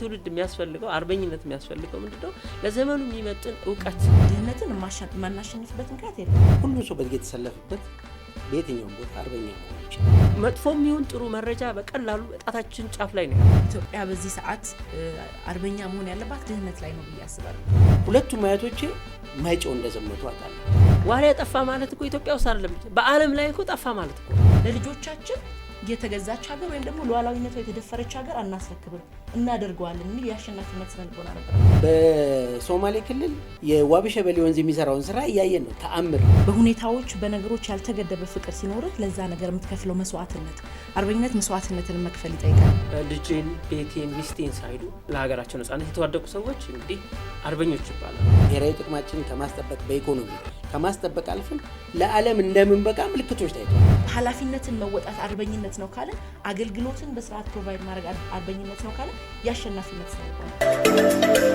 ትውልድ የሚያስፈልገው አርበኝነት የሚያስፈልገው ምንድነው? ለዘመኑ የሚመጥን እውቀት። ድህነትን የማናሸንፍበት ምክንያት የለም። ሁሉም ሰው በዚህ የተሰለፈበት በየትኛውም ቦታ አርበኛ ሆኖች መጥፎ የሚሆን ጥሩ መረጃ በቀላሉ በጣታችን ጫፍ ላይ ነው። ኢትዮጵያ በዚህ ሰዓት አርበኛ መሆን ያለባት ድህነት ላይ ነው ብዬ አስባለሁ። ሁለቱም አያቶቼ ማይጨው እንደዘመቱ አውቃለሁ። ዋሊያ ጠፋ ማለት እኮ ኢትዮጵያ ውስጥ አይደለም፣ በዓለም ላይ እኮ ጠፋ ማለት እኮ ለልጆቻችን የተገዛች ሀገር ወይም ደግሞ ሉዓላዊነቷ የተደፈረች ሀገር አናስረክብም እናደርገዋለን የሚል የአሸናፊነት ስነልቦና ነበር። በሶማሌ ክልል የዋቢሸበሌ ወንዝ የሚሰራውን ስራ እያየን ነው። ተአምር በሁኔታዎች በነገሮች ያልተገደበ ፍቅር ሲኖርህ ለዛ ነገር የምትከፍለው መስዋዕትነት፣ አርበኝነት መስዋዕትነትን መክፈል ይጠይቃል። ልጄን፣ ቤቴን፣ ሚስቴን ሳይሉ ለሀገራቸው ነጻነት የተዋደቁ ሰዎች እንግዲህ አርበኞች ይባላል። ብሔራዊ ጥቅማችን ከማስጠበቅ በኢኮኖሚ ከማስጠበቅ አልፍም ለዓለም እንደምንበቃ ምልክቶች ታይተዋል። ኃላፊነትን መወጣት አርበኝነት ነው ካለ አገልግሎትን በስርዓት ፕሮቫይድ ማድረግ አርበኝነት ነው ካለ የአሸናፊነት ስነ